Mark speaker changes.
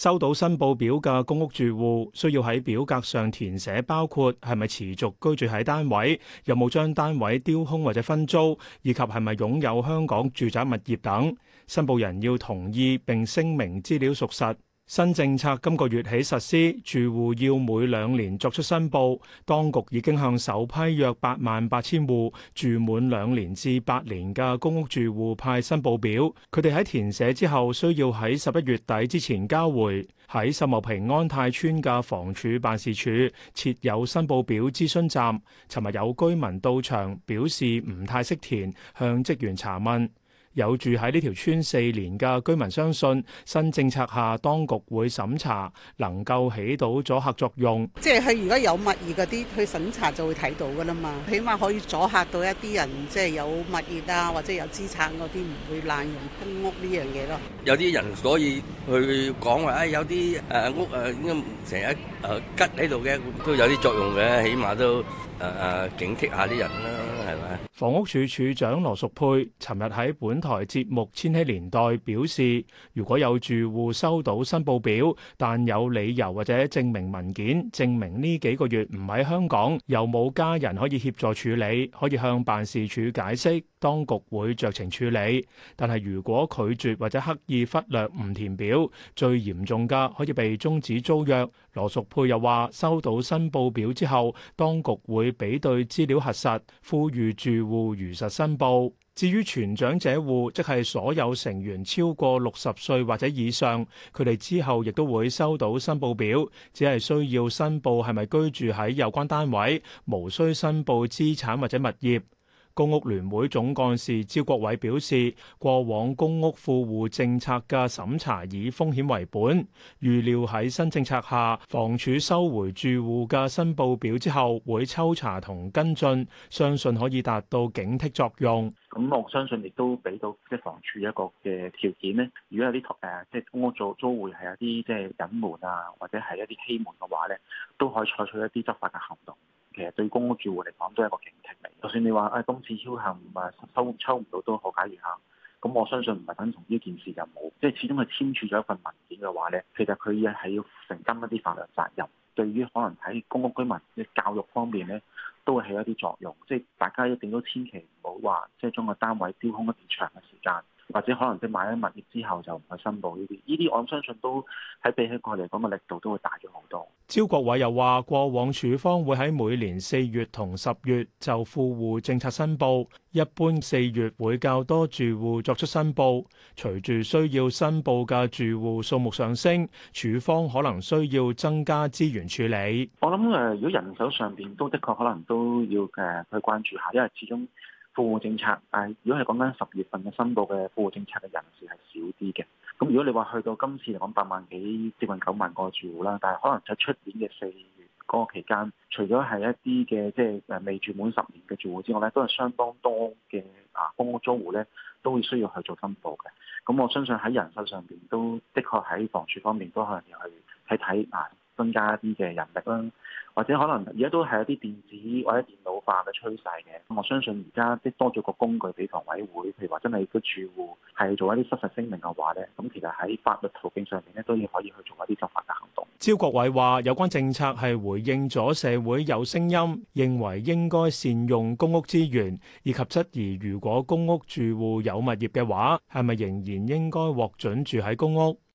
Speaker 1: 收到申報表嘅公屋住戶需要喺表格上填寫，包括係咪持續居住喺單位，有冇將單位丟空或者分租，以及係咪擁有香港住宅物業等。申報人要同意並聲明資料屬實。新政策今個月起實施，住戶要每兩年作出申報。當局已經向首批約八萬八千戶住滿兩年至八年嘅公屋住戶派申報表，佢哋喺填寫之後，需要喺十一月底之前交回。喺秀茂坪安泰邨嘅房署辦事處設有申報表諮詢站。尋日有居民到場表示唔太識填，向職員查問。有住喺呢條村四年嘅居民相信，新政策下當局會審查，能夠起到阻嚇作用。
Speaker 2: 即係佢如果有物業嗰啲去審查就會睇到噶啦嘛，起碼可以阻嚇到一啲人，即係有物業啊或者有資產嗰啲唔會濫用公屋呢樣嘢咯。有啲人所以去講話，唉，有啲誒屋誒成日誒吉喺度嘅，都有啲作用嘅，起碼都誒誒警惕下啲人
Speaker 1: 啦，係咪？房屋署署長羅淑佩尋日喺本台節目《千禧年代》表示，如果有住戶收到申報表，但有理由或者證明文件證明呢幾個月唔喺香港，又冇家人可以協助處理，可以向辦事處解釋，當局會酌情處理。但係如果拒絕或者刻意忽略唔填表，最嚴重嘅可以被終止租約。羅淑佩又話：收到申報表之後，當局會比對資料核實，呼籲住戶如實申報。至於全長者戶，即係所有成員超過六十歲或者以上，佢哋之後亦都會收到申報表，只係需要申報係咪居住喺有關單位，無需申報資產或者物業。公屋聯會總幹事招國偉表示，過往公屋富戶政策嘅審查以風險為本，預料喺新政策下，房署收回住戶嘅申報表之後，會抽查同跟進，相信可以達到警惕作用。
Speaker 2: 咁我相信亦都俾到即房署一個嘅條件呢。如果有啲誒即公屋租租戶係有啲即隱瞞啊，或者係一啲欺瞞嘅話咧，都可以採取一啲執法嘅行動。其實對公屋住戶嚟講都係一個警惕嚟，就算你話誒今次超限啊收抽唔到都可解決下，咁我相信唔係等同呢一件事就冇，即係始終係簽署咗一份文件嘅話咧，其實佢亦係要承擔一啲法律責任，對於可能喺公屋居民嘅教育方面咧，都會起一啲作用，即係大家一定都千祈唔好話即係將個單位丟空一段長嘅時間。或者可能即買咗物業之後就唔去申報呢啲，呢啲我諗相信都喺比起過嚟講嘅力度都會大咗好多。
Speaker 1: 招國偉又話過往署方會喺每年四月同十月就富戶政策申報，一般四月會較多住戶作出申報，隨住需要申報嘅住戶數目上升，署方可能需要增加資源處理。我諗誒如果人手上邊都的確可能都要誒、呃、去關注下，因為始終富戶政策，但係如果係講緊十月
Speaker 2: 份嘅申報嘅富戶政策嘅人士係少啲嘅，咁如果你話去到今次嚟講八萬幾接近九萬個住戶啦，但係可能就出年嘅四月嗰個期間，除咗係一啲嘅即係誒未住滿十年嘅住戶之外咧，都係相當多嘅啊公屋租戶咧都會需要去做申報嘅，咁我相信喺人手上邊都的確喺房署方面都可能要去睇睇啊增加一啲嘅人力啦。或者可能而家都係一啲電子或者電腦化嘅趨勢嘅，咁我相信而家即多咗個工具俾房委會，譬如話真係個住戶係做一啲失實聲明嘅話咧，咁其實喺法律途徑上面咧都要可以去
Speaker 1: 做一啲執法嘅行動。招國偉話：有關政策係回應咗社會有聲音，認為應該善用公屋資源，以及質疑如果公屋住戶有物業嘅話，係咪仍然應該獲准住喺公屋？